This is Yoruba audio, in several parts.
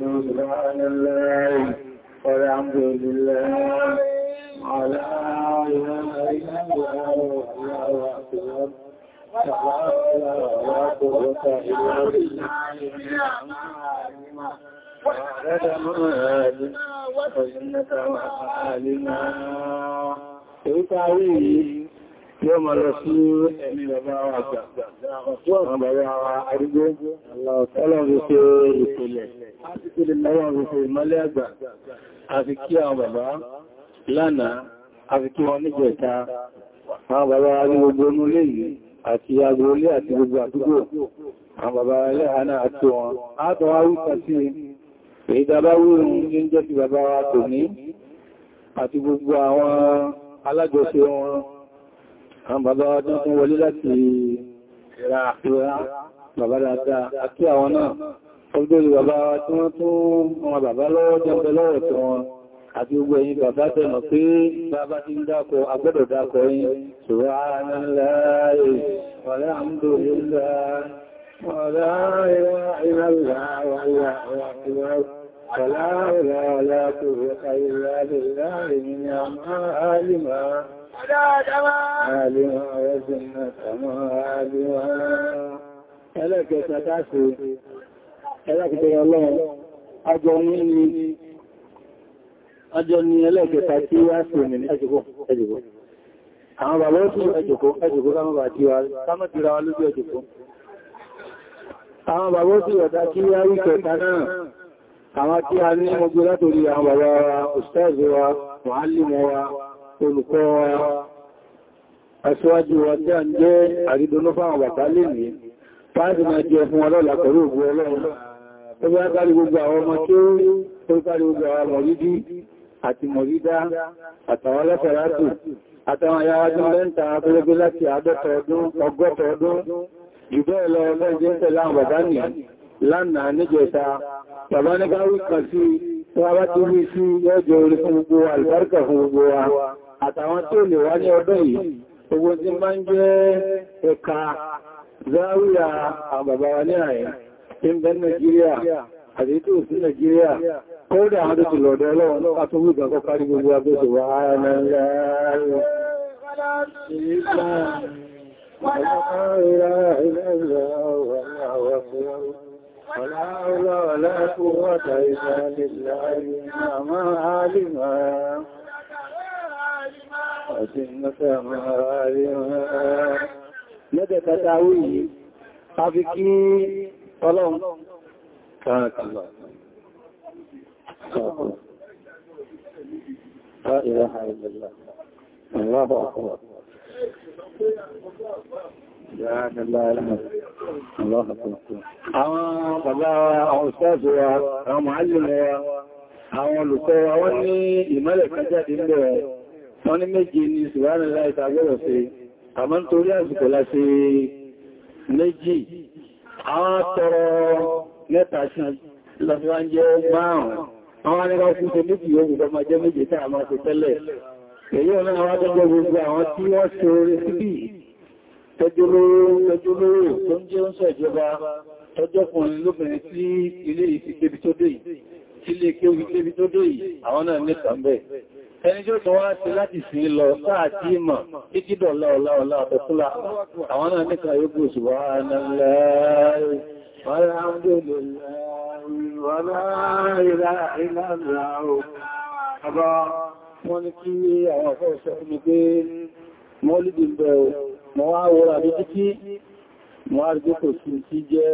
سبحان الله والحمد لله ولا إله إلا الله والله أكبر لا قوة إلا بالله وعلى مآل وسنة وعالما تتعويل yóò máa lọ sí ẹ̀mí bàbá wa àgbà àwọn bàbá wa arúgbó ọlọ́run ṣe ìpìlẹ̀ ọlọ́run ṣe ìmọ́lẹ̀ àgbà àfi kí àwọn bàbá lánàá àfi kí wọn níjẹta àwọn bàbá wa ní gbogbo inú lè yìí àti agboolé àti gbogbo àdúgbò àwọn bàbá ilẹ̀ àná àti wọn àtọ̀ wá wípa sí ìdábá wírin ní jẹ́ ti bàbá wa tò ní àti gbogbo àwọn alájọṣe wọn àwọn bàbá wa tó kún wọlé láti ìrà bàbá dáadáa àti àwọn náà ọgbẹ́lú bàbá wa tí wọ́n tún wọn bàbá lọ́wọ́ jẹ́ lọ́wọ́ tí wọn àti gbogbo ẹ̀yin bàbá tẹ̀mọ̀ pé bàbá ti ń dákọ̀ agbẹ́dọ̀ dákọ̀ yìí subhanallahi walhamdulillahi wala ilaha illallah wallahu akbar wala hawla wala quwwata illa billahi آلهة وسنة مآلهة ẹlẹ́kẹta tàṣe ẹlẹ́kẹta ọlọ́run ajọ ní ní ajọ ní ẹlẹ́kẹta tí wá sí òmìn ẹjùkú ẹjùkú àwọn bàbá ó tún ẹjùkú ẹjùkú kámọ́tìra wa lójú ẹjùkú àwọn bàbá ó tún ẹ̀ta kí wá rí kẹta náà àwọn tí a ní mọ́gbé látorí àwọn bàbá wa ustaz wa muallim wa olùkọ́ aṣíwájú wa tí a ń jẹ́ àrídọ́nú fáwọn bàbá lè ní fáàdì máa jẹ fún ọlọ́lá pẹ̀lú ògbò ọlọ́run ó bá kárí gbogbo àwọn ọmọ tí ó kárí gbogbo àwọn mọ̀lídí àti mọ̀lídá àtàwọn alẹ́fẹ̀rátù àtàwọn ayáwájú mẹ́ta pẹ́lẹ́gbẹ́ láti àádọ́ta ọdún ọgọ́ta ọdún jù bẹ́ẹ̀ lọ ọlọ́jẹ́ ń tẹ̀lá àwọn bàbá nì níjẹta bàbá ní kan sí wọ́n bá ti wí sí yọ́jọ orí fún gbogbo àlùbáríkà fún gbogbo wa àtàwọn tí ó lè wá ní ọdún yìí owó tí máa ń jẹ́ ẹ̀ka záwíyà àbàbàwà ní àyà in bẹ́ Nàìjíríà àti sí Nàìjíríà kọ́ọ̀dà àwọn tó ti ولا حول ولا قوة إلا بالله إنما عالمها أتمة معالمها مدى تداوي حبكي طلوم كانت الله لا إله إلا الله الله أكبر Àwọn bàbá àwọn òṣìṣẹ́ wa, àwọn màálùmọ́ wa, àwọn olùkọ́ wa wọ́n ní ìmọ́lẹ̀ kan jáde ń bẹ̀rẹ̀ wọ́n ní méje ní ṣùgbọ́n láìta gbọ́rọ̀ sí àmọ́ nítorí àsìkò láti méjì àwọn tọrọ mẹ́ta sí lọ́fíwá jẹ́ márùn-ún àwọn anẹ́gbà fún ṣe méjì yóò gbogbo ọmọ jẹ́ méje tí a máa ṣe tẹ́lẹ̀ èyí ọ̀nà àwọn adọ́gbọ́ gbogbo àwọn tí wọ́n ṣe orí síbí tẹ́jọ́lóró tó ń jẹ́ oúnṣẹ́ ìjọba tọ́jọ́kùnrin ẹni tí ó tún wá ti láti sí lọ sáàtí ìmọ̀ ìkídọ̀ láọlá ọlá ọ̀tọ̀tọ́lá àwọn náà nípa yóò Mo wá rí kò sí sí jẹ́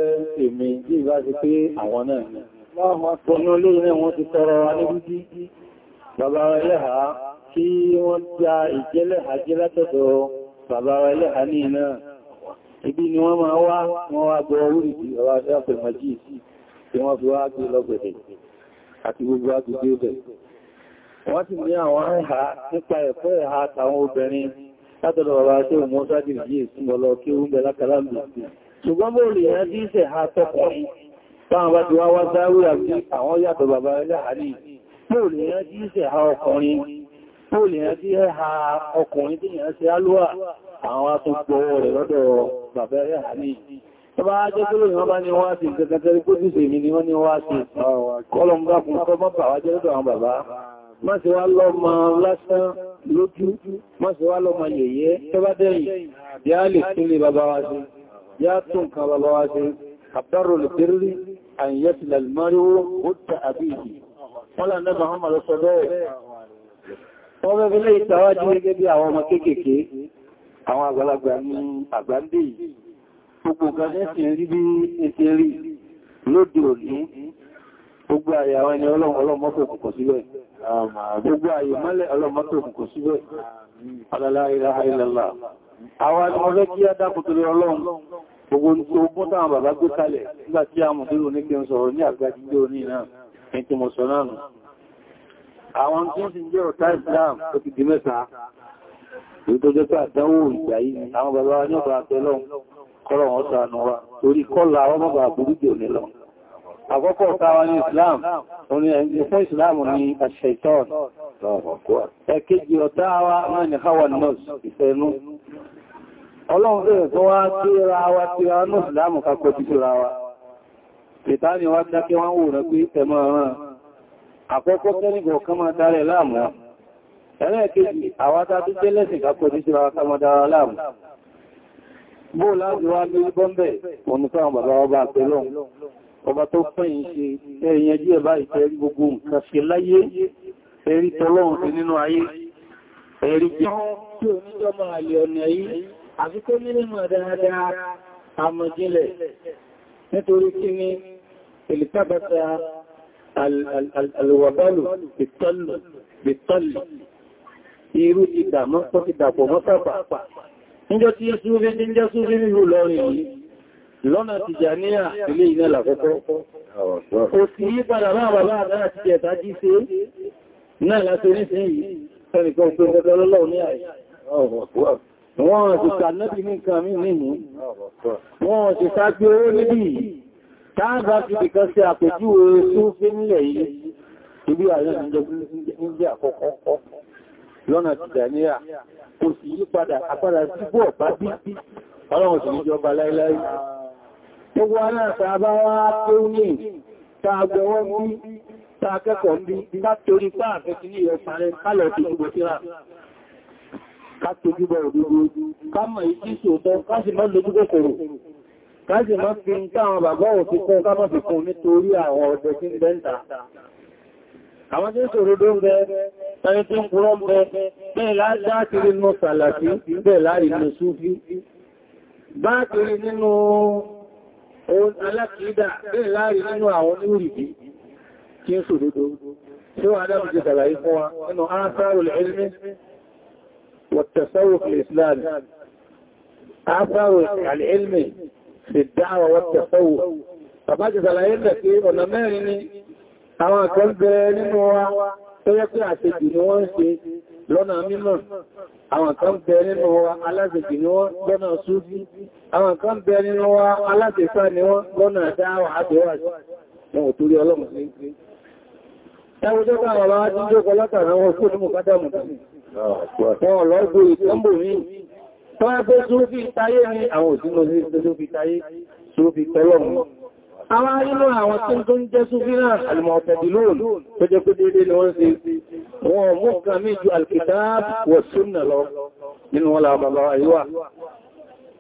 èmi bí ìbá ti pé àwọn náà ni. Wọ́n mọ́ pọ̀ ní olórin náà wọ́n ti tọrọ alébúdí bàbá ẹlẹ́ha kí wọ́n já ìjẹ́lẹ́ha jẹ́ látọ̀dọ̀ bàbá ẹlẹ́ha ní iná ibi ni wọ́n máa wá wọ́n wá gbọ́ orílẹ̀-èdè bàbá ẹlẹ́pẹ̀ mọ́jí tí wọ́n fi wá gbé lọ́gbẹ̀ẹ́ àti gbogbo agbègbè bẹ̀ wọ́n sì ní àwọn ẹ̀hà nípa ẹ̀kọ́ ẹ̀hà àtàwọn obìnrin látọ̀dọ̀ bàbá tí ò mọ́ sáàdì yìí ìsúnbọ̀lọ kí ó ń bẹ lákàlámbì Bóò lè rán tí ìṣẹ̀ ha ọkùnrin, bóò lè rán tí ẹ ha ọkùnrin tí ìyàn ṣe alúwà àwọn atúgbọ́ rẹ̀ lọ́dọ̀ bàbá rẹ̀ hàní. Tọba ajẹ́ tó lórí wọ́n bá ní wọ́n á sí ìkẹkẹrẹ kó tí ìṣẹ́ mi ni wọ́n ní wọ́n á sí kọlọmbá fún ọkọ̀ bàbá wájẹ́ lọ́dọ̀ àwọn bàbá. Má sì wá lọ́mọ lásán lójú, má sì wá lọ́mọ yẹ̀yẹ́ tọ́bá dẹ́yìn, bí a lè tún lè bàbá wá sí, bí tún kan bàbá wá sí, àbdárò lè tẹ́rí àyẹ̀tìlẹ̀ mọ́ríwó ó tẹ́ àbí ìdí wọ́n lá nẹ́bà ọmọ lọ sọ bẹ́ẹ̀ wọ́n bẹ́ẹ̀ lè ìtàwájú gẹ́gẹ́ bí àwọn ọmọ kéékèèké àwọn àgbàlagbà ní àgbàndé gbogbo gẹ́gẹ́sìn rí bí ẹsẹ̀ rí lóde òní gbogbo àyà àwọn ẹni ọlọ́mọ́fẹ́ kòkò síbẹ̀ gbogbo àyè mọ́lẹ̀ ọlọ́mọ́fẹ́ kòkò síbẹ̀ alàlá ilaha illallah àwọn ọ̀rẹ́ kí á dákùtùrí ọlọ́run gbogbo ogun táwọn bàbá gbé kalẹ̀ nígbàtí àwọn mọ̀dúrò ní kí ń sọ̀rọ̀ ní àgbàjíjẹ́ oní náà ní tí mo sọ náà nù àwọn tí ó sì jẹ́ ọ̀tá Islam tó ti di mẹ́ta èyí tó jẹ́ pé àdánwò ìgbà yìí ni àwọn bàbá wa ní ọ̀bà àtẹ́lọ́ kọ́rọ̀ wọn sànù wa torí kọ́lá àwọn bàbá àbúrúdì òní lọ àkọ́kọ́ ọ̀tá wa ní Islam òní ẹ̀yìn fún Islam ní aṣẹ́tọ́n ẹ̀kejì ọ̀tá wa náà ní hawa nurse ìfẹ́nú ọlọ́run fẹ́rẹ̀ tó wá tí ra wa tí ra nurse láàmù kakọ́ ti ra wa ìtàní wá dákẹ́ wọ́n wò rẹ̀ pé ẹmọ ọ̀rán àkọ́kọ́ tẹ́nìgbọ̀ kan máa dárẹ̀ láàmù ẹlẹ́ẹ̀kejì àwátá tó jẹ́ lẹ́sìn kápọ̀ ní ṣíra samadara láàmù bó láti wá ní bọ́m̀bẹ̀ onùsáwọn bàbá ọba àpẹlọ ọba tó fẹ́yìn ṣe ẹ̀yẹn díẹ̀ báyìí tẹ́ rí gbogbo nǹkan ṣe láyé ẹ̀rí tọ́lọ́run sí nínú ayé ẹ̀rí jẹ́ nítorí kí ni التبس الوبال بالطل بالطل irú ti dàmọ́ tó ti dàpọ̀ mọ́sàpàpà níjọ́ tí yẹ́ súnfẹ́ tí ń jẹ́ súnfẹ́ nínú lọ́rin yìí lọ́nà ti jà ní àtílé iná làkọ́kọ́ o sì yí padà máa bàbá àdára ti ẹ̀ta jí sí náà láti oníṣẹ́ yìí ẹnìkan pé ọjọ́ lọ́lọ́ ní àyè wọ́n ti sànẹ́bì ní nǹkan mí nínú wọ́n ti sá gbé owó níbi yìí táàbà ti bìkan sí àpèjúwe Súfí nílẹ̀ yìí ibi àyọ́ ìjẹ́ àkọ́kọ́ lọ́nà Tìjàníyà kò sì yí padà àpadà sígbó ọ̀pá bí ọlọ́run sì níjọba láíláí gbogbo aláàtàbá wá tó ní tààgbẹ̀wọ́ bí bí ká tójúbọ̀ òdúgbò ká káàkiri máa fi ń káwọn bàbá òfin kún ká máa fi kún nítorí àwọn ọdẹ tí ń bẹ́ǹta àwọn tí ń sọ̀rọ̀ ló ń bẹ ẹni tí ń kúrọ́ bẹ bẹ́ẹ̀ láàkiri nínú sàlàtí bẹ́ẹ̀ láàrí nínú súfí báàkiri nínú alákìídà bẹ́ẹ̀ láàrí nínú àwọn onírìbí ìdáwà wọ́n tẹ̀fẹ́wò. Bàbá ti sàlàyé tẹ̀ pé ọ̀nà mẹ́rin ni àwọn kan bẹ nínú wa tó yẹ pé àṣejì ni wọ́n ń ṣe lọ́nà mímọ̀. Àwọn kan bẹ nínú wa aláṣejì ni wọ́n lọ́nà súfí. Àwọn kan bẹ nínú wa aláṣẹ̀fà ni tó wá pé súnfí ìtayé ní àwọn òsínú sí súnfí ìtayé súnfí pẹ́lọ́mù àwọn inú àwọn tí tó ń jẹ́ súnfí náà alìmọ̀ ọ̀tẹ̀dìlóòn tó jẹ́ pé dédé ni wọ́n ṣe wọn mú kan mí ju alkitab wọ̀ súnnà lọ nínú wọn làwọn bàbá àyíwá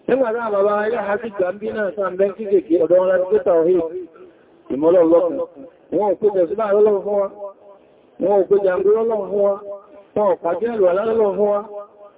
nígbàtá bàbá ayé àti gbàmbí náà sáà bẹ́ kíkèkè ọ̀dọ́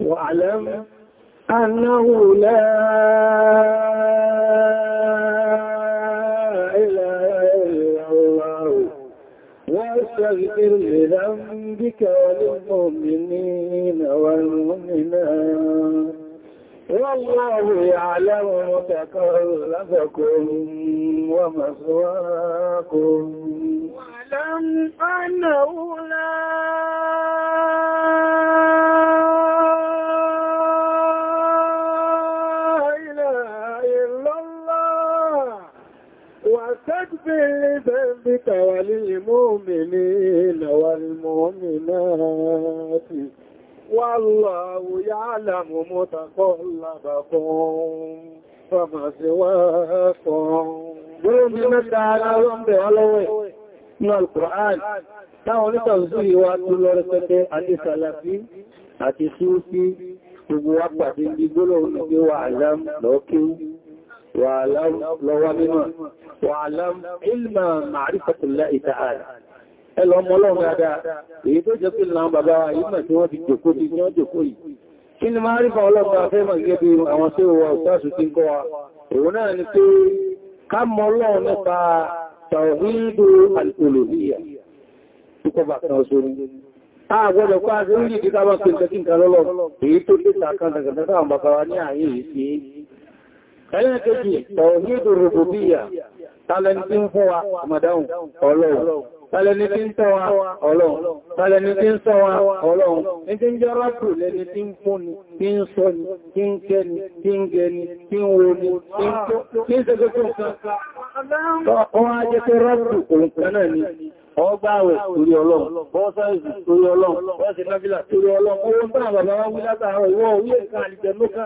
واعلم أنه لا إله إلا الله واستغفر لذنبك وللمؤمنين والمؤمنات والله يعلم متقلبكم ومثواكم واعلم أنه لا إله إلا الله واستغفر لذنبك وللمؤمنين والمؤمنات والله يعلم متقلبكم فمسواكم. Gbogbo mẹ́ta ara ló ń bẹ̀ ọlọ́wẹ̀ ní al-Qur'an táwọn oríta òsúrí wa tó lọ rẹpẹtẹ àti sàlàfí àti súnfí gbogbo wa pàtí ní gbólò ìgbé wa alam lọ́kíw wa alam lọ́wà mímọ̀ wa alam ilma ma'rifatullahi ta'ala ẹlọ ọmọ ọlọ́run dada èyí tó jẹ́ pínlá bàbá ìmọ̀ tí wọ́n fi jòkó tàwídò al'olòlìyà tukọ́ bá kan sórí. A gbọ́dọ̀ kọ́ àti orí ìdí ká bá pè tẹ́kí nǹkan lọ́lọ́ èyí tó lé sàkán dàgbàtà àwọn bàbá ní àyè sí. Ẹlẹ́kẹ́jì tálẹ́ni tí ń fún wa ọmọdáhùn ọlọ́run tálẹ́ni tí ń tọ́ wa ọlọ́run tálẹ́ni tí ń sọ wa ọlọ́run ní tí ń jẹ́ rápù lẹ́ni tí ń fún ni tí ń sọ ni tí ń kẹ́ni tí ń gẹni tí ń wo ni tí ń sẹ́gbẹ́ fún ọ̀kan ọgbà àwẹ̀ torí ọlọ́run bọ́ọ̀sáìsì torí ọlọ́run bọ́ọ̀sì náfílà torí ọlọ́run owó ń bá àbàbà wá wí látàrà ìwọ̀ orí ẹ̀ka àlìjẹ̀ lókà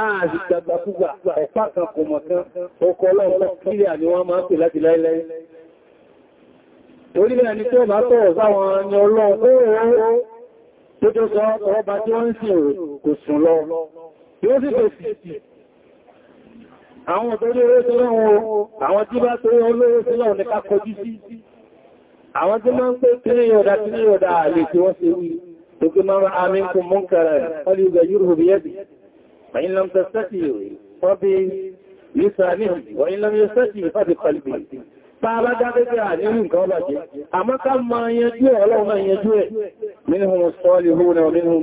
ààrì gbàgbàkúgbà ẹ̀pá kan kò mọ̀ kan ọkọ̀ ọlọ́ọ̀lọ́ kíríà ni wọ́n máa ń pè láti láíláí torí ẹni tó bá tọ̀ọ̀ sáwọn ni ọlọ́run tó tó sọ ọba tí wọ́n ń sìn kò sùn lọ yóò sì fèsì àwọn torí owó tí máa ń pé kírí ọ̀dá kírí ọ̀dá àlè tí wọ́n ṣe wí tó kí máa àmì ń kún mọ́ǹkàrà rẹ̀ wọ́n yúrù bí yẹ́bì فإن لم تستطيع فبلسانه وإن لم يستطيع فبقلبه Bàbá dábẹ́bẹ́ àníwì nǹkan ọba jẹ́, àmọ́ ká ma yanjú ẹ̀ ọlọ́run náà yanjú ẹ̀. Minhum as-salihuna wa minhum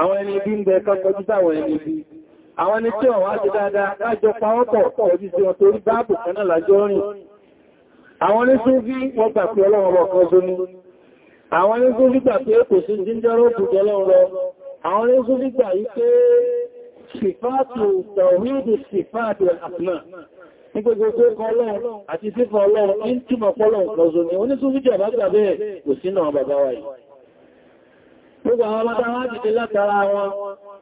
Àwọn ẹni bí ń bẹ ká kọjú ẹni bí. Àwọn ẹni tí ọ̀wá ti dáadáa lájọ pawọ́pọ̀ kọjú sí wọn torí báàbù kan lájọ́ rìn. Àwọn oníṣúfí wọ́n gbà pé ọlọ́run ọkọ̀ ọdún àwọn onígún nígbà pé kò sí jíjọ́rọ̀ òkùnjẹ́ lọ́rọ̀ àwọn onígún nígbà yí pé sífàtù tàwídì sífàtù àtìmá ní gbogbo tó kọ ọlọ́run àti sífà ọlọ́run ní túnmọ̀ pọ́lọ̀ lọ́zọ́ ni onígún nígbà bá gbà bẹ́ẹ̀ kò sí náà bàbá wa yìí gbogbo àwọn ọmọdá wá dìde látara wọn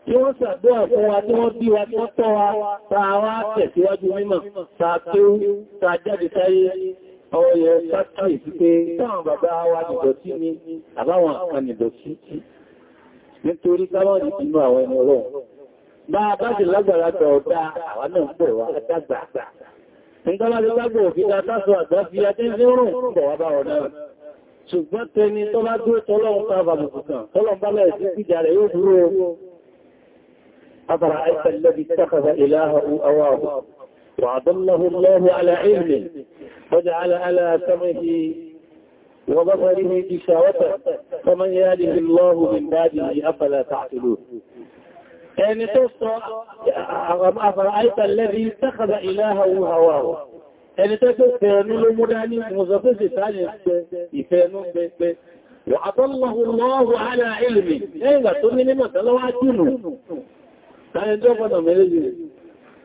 tí wọ́n ṣàdúrà fún wa tí wọ́n bí wa tí wọ́n tọ́ wa ta wá tẹ̀síwájú mímọ̀ Ọwọ́ yẹ sáàtà ìpípé táwọn bàbá wa nìdọ̀tí ni àbáwọn kan nìdọ̀tí tí nítorí táwọn ìpínú àwọn ẹni ọlọ́run. Bá a bá sì lágbàrá tọ̀ ọ̀dá àwọn náà pọ̀ wá dágbà. Nígbàlá ti dágbà òfin látásọ àgbàfi atẹ́sí الذي اتخذ إلهه أواه وأضله الله على علمه وجعل على سمه وبصره إشاوته فمن يهده الله من بعده أفلا تعقلون يعني تصدق أفرأيت الذي اتخذ إلهه هواه يعني تصدق فينو لمداني مزفز ثاني يفينو بيت الله على علمه يعني تصدق الله تلواتينه كان يجب أن أمريجي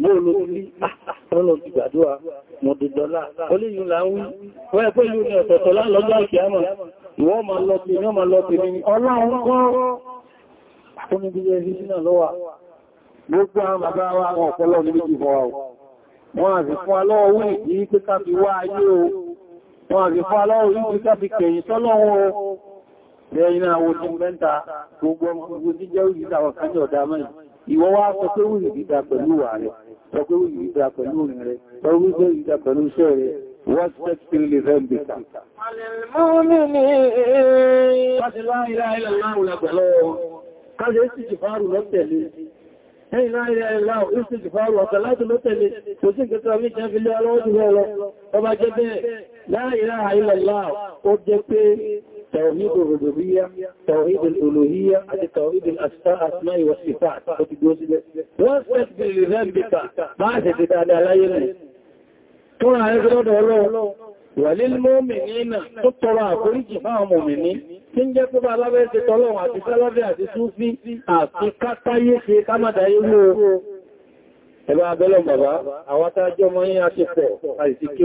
mọ́ olórí ọ̀nà ti ah, ah, gbàdúwà mọ̀dìdọ́lá olóyìn là ń wí wọ́n ẹgbẹ́ ìlú ní ọ̀tọ̀tọ̀ lọ́jọ́ ìkìyàmọ̀ ìwọ́n ma lọ pè ní ọmọ lọ pè ní ọlọ́run kọ́ gbogbo àwọn bàbá wa àwọn ọ̀pọ̀lọ́ ní méjì fọ́ wọn àti fún alọ́wọ́ wí ní pé ká fi wá ayé o wọn àti fún alọ́wọ́ wí pé ká fi kẹ̀yìn tọ́lọ́wọ́ lẹ́yìn náà wo ti mẹ́ta gbogbo ọmọ gbogbo jíjẹ́ òyìnbá wọ̀kan ní ọ̀dá mẹ́rin ìwọ wá sọ pé wùrì dídá pẹ̀lú wà rẹ̀ sọ pé ó yìí dá pẹ̀lú orin rẹ̀ sọ wípé yìí dá pẹ̀lú iṣẹ́ rẹ̀ wọ́n tẹ́ sí ilé rẹ̀ bìtà Káṣe ìsìnkìfàárù lọ́tẹ̀lé, ẹ̀yìn láàrin ẹ̀láwọ̀ ìsìnkìfàárù ọ̀kan láti lọ́tẹ̀lé, kò sí ìgbẹ̀tọ̀ àmì ìjẹ́ fi توحيد الربوبية توحيد الألوهية توحيد الأسماء والصفات واستكبر لذنبك بعد تتعدى لا يلي ترى يقرد الله wàlílmọ́mìnínà كل tọrọ àforíjì fáwọn mọ̀mìní tí ń jẹ́ tó bá alábẹ́ ti tọ́lọ́wọ́ àti sálábẹ́ àti súnfí àti kátáyé ṣe kámàdáyé ló ẹ̀bá abẹ́lọ̀ bàbá àwátájọ́ mọ́ yí a ti pọ̀ àìsìkí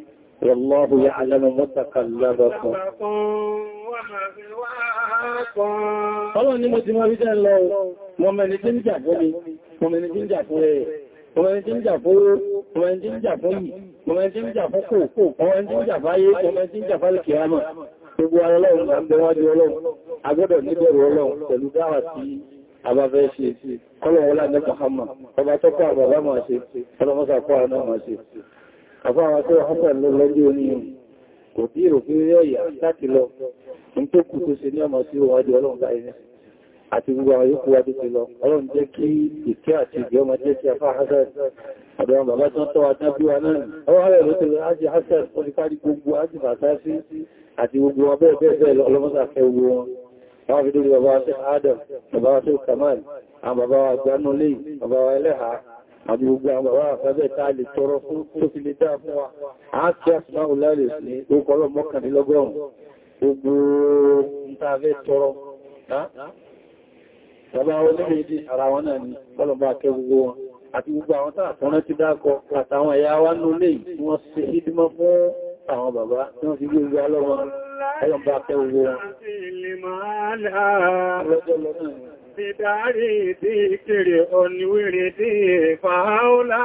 والله يعلم متقلبكم Ọlọ́run ni mo ti mọ́ bíjẹ́ lọ, mo mẹ́ni tí ń jà fún mi, mo mẹ́ni tí ń jà fún ẹ̀, mo mẹ́ni tí ń jà fún owó, mo mẹ́ni tí ń jà fún yìí, mo mẹ́ni tí ń jà fún kòkó, mo mẹ́ni tí ń jà fáyé, mo mẹ́ni tí ń jà fáyé kìí àmà. Gbogbo ara Ọlọ́run máa ń bẹ wájú Ọlọ́run, agbọ́dọ̀ níbẹ̀rù Ọlọ́run pẹ̀lú dáwà sí àbábẹ́ ṣe kọ́lọ̀ wọlá ní Muhammad, ọba tó kọ́ àbàbá máa ṣe, ọlọ́mọ́sà kọ́ àná máa ṣe àbáwọn tó wọ́n pẹ̀lú lọ́jọ́ ní kò tí rò pé ẹ̀yà láti lọ ní tó kù tó ṣe ní ọmọ sí òwádìí ọlọ́run báyìí àti gbogbo àwọn yóò wádìí ti lọ ọlọ́run jẹ́ kí ìkẹ́ àti ìgbẹ́ ọmọ jẹ́ sí afá hassan àbẹ̀wọn bàbá tó tọ́ adábíwa náà ọwọ́ rẹ̀ ló tẹ̀lé ájì hassan oníkárí gbogbo ájì bàtásí àti gbogbo ọbẹ̀ bẹ́ẹ̀ lọ́lọ́mọ́sàfẹ́ gbogbo wọn láwọn fi dórí bàbá wa sí àti gbogbo àwọn bàbá àfẹ́bẹ̀ tá lè tọrọ fún tó fi lè dáa fún wa a kí a sùn láwùlá lè ní ókọlọ mọ́kànlélọ́gọ́rùn gbogbo ìtàfẹ́ tọrọ bàbá olóòrèdè ara wọn náà ni kọlọ̀bá akẹ́ gbogbo wọn àti gbogbo àwọn tààtọ́rán ti dákọ àtàwọn ẹ̀yà wá ní olè wọ́n ṣe ìdímọ́ fún àwọn bàbá tí wọ́n fi gbé gbogbo alọ́wọ́n kọlọ̀bá akẹ́ gbogbo wọn بداري ذكر الورد فهولا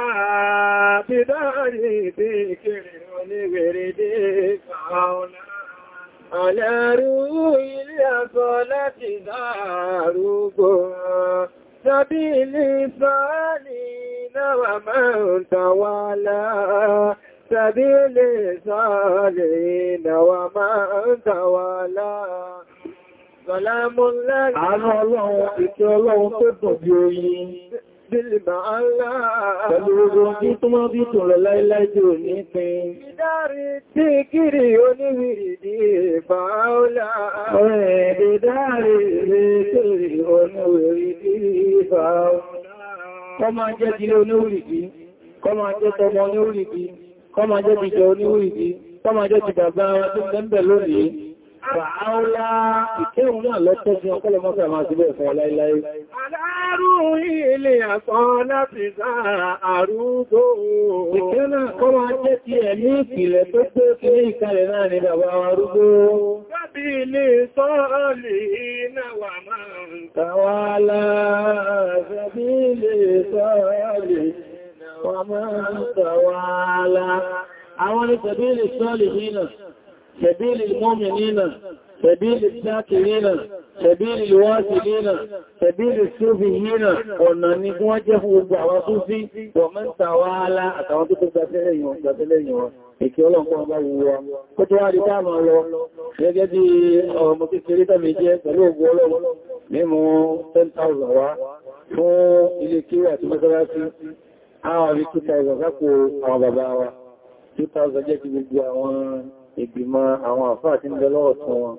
بداري ذكر الورد فهولا على روي الأصالة داروب سبيل الصالين ومن توالى سبيل الصالين ومن توالى Àánú ọlọ́run, ìkẹ́ ọlọ́run tó dùn bí oyin. Bílìbà Allah. Pẹ̀lú ogun tí tó máa bí tò rẹ̀ láíláí tí ò ní pin. Ìdárí tí kiri oníwìrìdí ìbà ọlá. Ọ̀rẹ́ ìdárí Fàáúlá ìkéhùn náà lọ́tọ́ sí ọkọ́lọ mọ́sí àmà síbẹ̀ fún ọláìláì. Aláàrù ilé àkọ́ láti sáà àrúgbò. Ìkéhùn náà kọ́ máa jẹ́ ti ẹ̀mí ìpìlẹ̀ tó pé fún ìkàlẹ̀ náà ní bàbá arúgbó. Tàbí ilé sọ́ọ̀lì iná wà máa ń tàwálá. Tàbí ilé sọ́ọ̀lì iná wà máa ń tàwálá. Àwọn ni tàbí ilé sọ́ọ̀lì iná. سبيل المؤمنين سبيل الذاكرين سبيل الواسلين سبيل السوفيين ونني وجه وعوصي ومن توالى اتوقف بسلين وبسلين Ìkí ọlọ́pọ̀ ọba wùwà, kó tó wá rí táàmà lọ, gẹ́gẹ́ bí ọmọ kékeré tàbí jẹ́ pẹ̀lú ògùn ọlọ́run mímú 10,000 wá fún ilé kíwà tí mọ́sára sí, àwọn àrí 2,000 kápò àwọn bàbá wa, 2,000 jẹ́ kí gbogbo àwọn ìgbìmọ̀ àwọn àfáà tí ń bẹ lọ́wọ́ tún wọn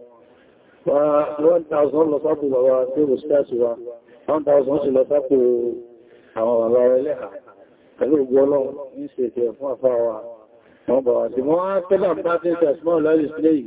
wọ́n 1,000 lọ sápò bàbá tí ó sí wa 1,000 sí lọ sápò àwọn bàbá ẹlẹ́hà pẹ̀lú ògbọ́ ọlọ́run ní ṣe ìtẹ̀ fún àfáà wa wọ́n bàbá sí wọ́n á tẹ́bà bá tí ń tẹ̀ small lọ́yìn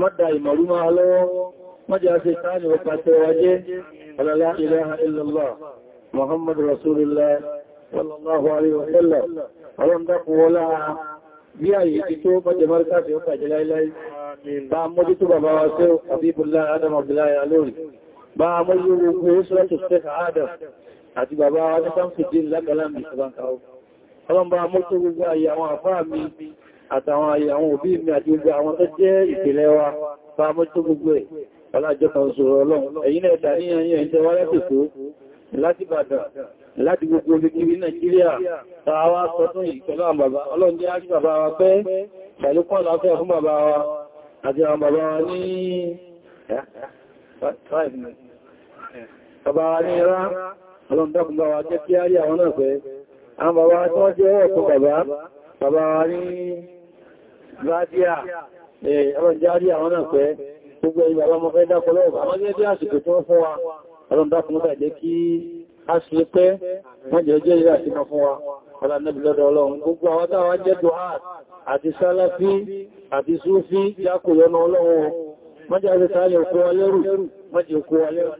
mọ́dá ìmọ̀rúmá ọlọ́wọ́ mọ́dá ṣe káàlì ọpa tẹwàjẹ́ ọlọ́lá ilaha rasulullah sallallahu alaihi wasallam ọlọ́n dákùwọ́lá bí ayé ti tó bọ́jẹ̀ mọ́ríkà tí ó kàjẹ́ láíláí bá mọ́jú tó bàbá wa sí adam abdullahi alóòrì adam àti bàbá wa ní sáǹsì dín lágbàlámbì ìṣẹ́bàǹkà ọlọ́n bá mọ́jú gbogbo ayé àfáà mi àtàwọn àwọn òbí mi àti gbogbo àwọn tó jẹ́ ìpìlẹ̀ wa fàámọ́ gbogbo ẹ̀ ọlájọ́kan sọ̀rọ̀ ọlọ́run ẹ̀yin náà dà níyàn yẹn wá láti láti gbogbo olùkiri Nàìjíríà tàwa àwọn bàbá wa pẹ́ Rájíà, ọlọ́járí àwọn náà pẹ́, gbogbo ẹ̀yà ọlọ́mọ fẹ́ dákọ lọ́wọ́, àwọn jẹ́ bí àsìkò tí wọ́n fún wa, ọlọ́dákùn mọ́ta jẹ́ kí a ṣe pẹ́, wọ́n jẹ́ jẹ́ ìrà sí fún wa, ọlọ́nẹ́bí lọ́dọ̀ ọlọ́run, gbogbo àwọn táwa jẹ́ duhar àti sálàfí àti súfí jákò yọnà ọlọ́run, mọ́jẹ́ àti sáàlẹ̀ òkú wa lẹ́rù, mọ́jẹ́ òkú wa lẹ́rù.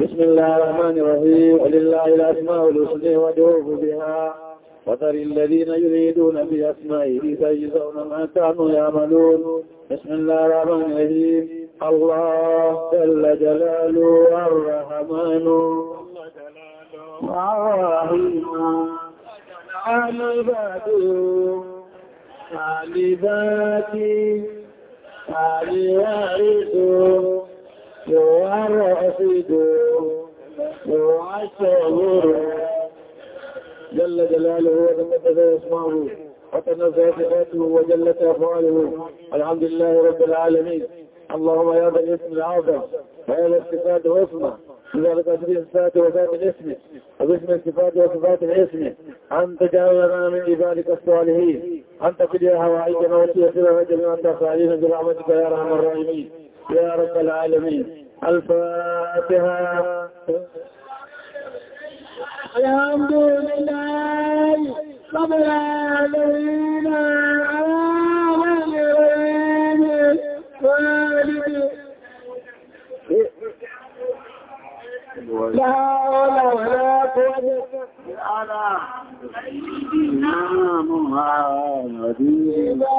بسم الله الرحمن الرحيم ولله الأسماء الحسنى وادعوه بها وذر الذين يريدون بأسمائه فيجزون ما كانوا يعملون بسم الله الرحمن الرحيم الله جل جلاله الرحمن الرحيم العباد العبادي الوارث هو الرشيد هو الشهور جلاله وتقدس اسماؤه وتنزه صفاته وجلت افعاله الحمد لله رب العالمين اللهم يا ذا الاسم العظيم ويا ذا الصفات العظمى بذلك أسر الصفات وذات الاسم وباسم الصفات وصفات الاسم أن تجاوزنا من عبادك الصالحين أن تقل تقضي هوائجنا وتيسر رجل وانت صالحين برحمتك يا رحم الراحمين يا رب العالمين الفاتحة الحمد لله رب العالمين الرحمن الرحيم مالك لا حول ولا قوة إلا بالله محمد